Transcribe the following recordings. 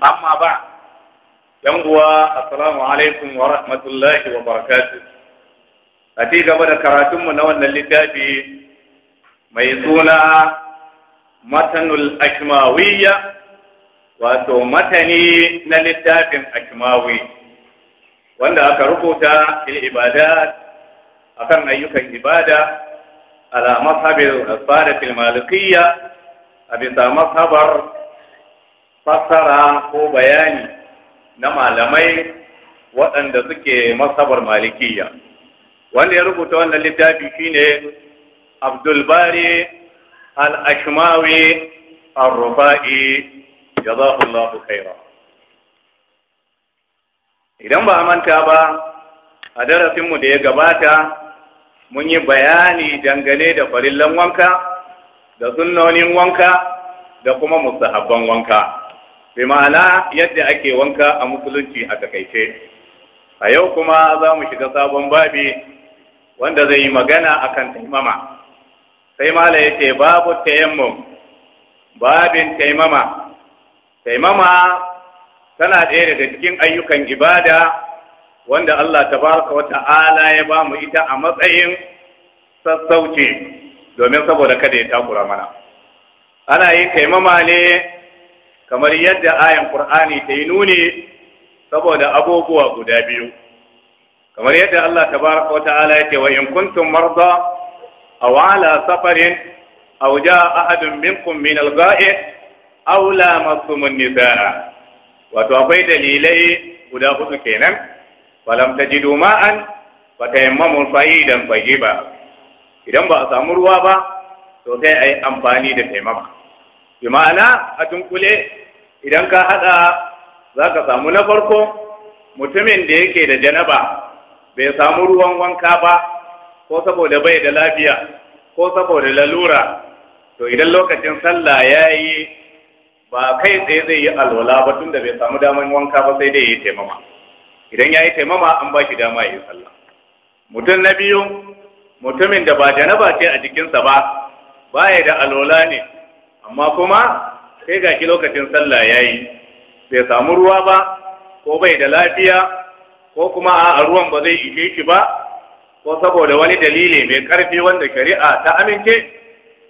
amma ba yan uwa assalamu alaikum wa rahmatullahi wa barakatuh a cikin gaba da karatun mu na wannan littafi mai suna matanul akmawiyya wato matani na littafin akmawi wanda aka rubuta fil ibadat akan ayyukan ibada ala mafhabil asbar fil malikiyya a bisa masabar fassara ko bayani na malamai waɗanda suke masabar malikiya wanda ya rubuta wannan littafi shine abdulbari al-ashmawi al-rufa'i jazahullahu khaira idan ba a manta ba a darasinmu da ya gabata mun yi bayani dangane da farillan wanka da sunnonin wanka da kuma musahabban wanka bi ma'ana yadda ake wanka a musulunci a takaice a yau kuma za mu shiga sabon babi wanda zai yi magana a kan taimama sai mala ce babu tayammum babin taimama taimama tana ɗaya daga cikin ayyukan ibada wanda Allah tabaraka wata ala ya ba mu ita a matsayin sassauci domin saboda kada ya takura mana ana yin taimama ne kamar yadda ayan qur'ani ta yi nuni saboda abubuwa guda biyu kamar yadda Allah tabaraka wa ta'ala yake wa in kuntum marda aw ala safarin aw jaa ahadun minkum min al-gha'ib aw masum an-nisaa wato akwai dalilai guda hudu kenan falam tajidu ma'an tayammamu fa'idan tayyiba idan ba a samu ruwa ba to sai a yi amfani da taimama bi ma'ana a tunkule idan ka haɗa za ka samu na farko mutumin da yake da janaba bai samu ruwan wanka ba ko saboda bai da lafiya ko saboda lalura to idan lokacin sallah ya yi ba kai tsaye zai yi alwala ba tun da bai samu damar wanka ba sai dai ya yi taimama idan ya yi taimama an ba shi dama ya yi sallah mutum na biyu mutumin da ba janaba ce a jikinsa ba baya da alola ne amma kuma sai ga shi lokacin sallah ya yi. bai samu ruwa ba ko bai da lafiya ko kuma a ruwan ba zai ishe shi ba ko saboda wani dalili mai karfi wanda shari'a ta amince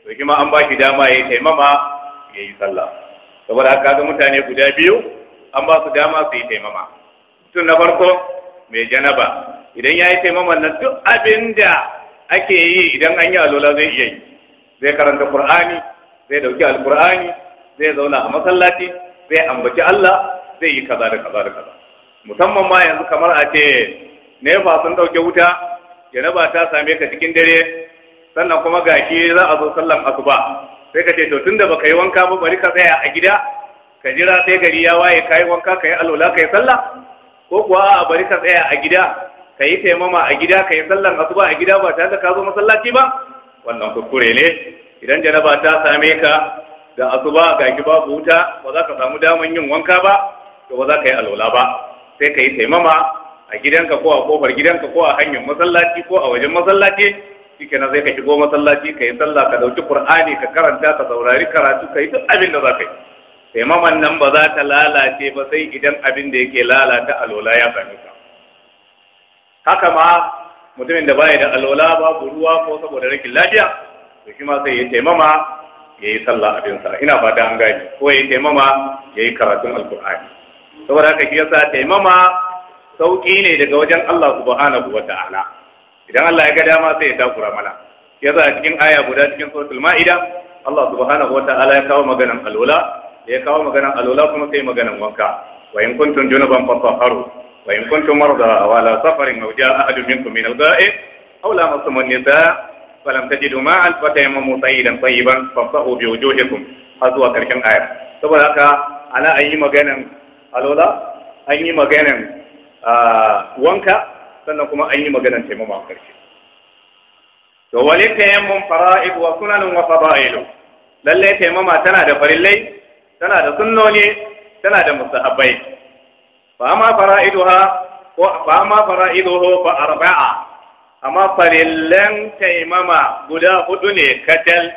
to shi an ba shi dama ya taimama ya yi sallah saboda haka ga mutane guda biyu an ba su dama su yi taimama mutum na farko mai janaba idan ya yi taimama na duk abin da ake yi idan an yi alola zai iya yi zai karanta qur'ani zai dauki alqur'ani zai zauna a masallaci zai ambaci Allah zai yi kaza da kaza da kaza musamman ma yanzu kamar a ce ba sun dauke wuta ba ta same ka cikin dare sannan kuma gashi za a zo sallan asuba sai ka ce to tunda baka yi wanka ba bari ka tsaya a gida ka jira sai gari ya waye kai wanka kai alola kai sallah ko kuwa a bari ka tsaya a gida ka yi taimama a gida ka yi sallan asuba a gida ba tare da ka zo masallaci ba wannan kuskure ne idan janaba ta same ka da asuba ga ki ku wuta ba za ka samu daman yin wanka ba to ba za ka yi alwala ba sai ka yi taimama a gidanka ko a kofar gidanka ko a hanyar masallaci ko a wajen masallaci shike na zai ka shigo masallaci ka yi sallah ka dauki qur'ani ka karanta ka saurari karatu ka yi duk abin da za ka yi taimaman nan ba za ta lalace ba sai idan abin da yake lalata alwala ya same ka haka ma mutumin da baya da alwala babu ruwa ko saboda rashin lafiya to shi ma sai ya taimama ya yi sallah abinsa ina fata an gani ko ya taimama ya yi karatun alkur'ani saboda haka shi yasa taimama sauƙi ne daga wajen Allah subhanahu wa ta'ala idan Allah ya ga dama sai ya takura mana yasa cikin aya guda cikin suratul ma'ida Allah subhanahu wa ta'ala ya kawo maganan alwala ya kawo maganan alwala kuma sai maganan wanka wa in kuntum junuban fatahharu وإن كنتم مرضى أو على سفر أو جاء أحد منكم من الغائب أو لامستم النساء فلم تجدوا ماء فتيمموا سيدا طيبا فامسحوا بوجوهكم حزوة كرشن آية سبب أنا على أي مكان ألولا أي مكان آه وانكا سنكما أي مكان تيمم كرشن وولي تيمم فرائض وسنن وفضائل للي تيمم تنادى فرلي تنادى سنوني تنادى مستحبين fa ma fara'iduha ko fa ma fara'iduhu arba'a amma farillan taimama guda hudu ne katal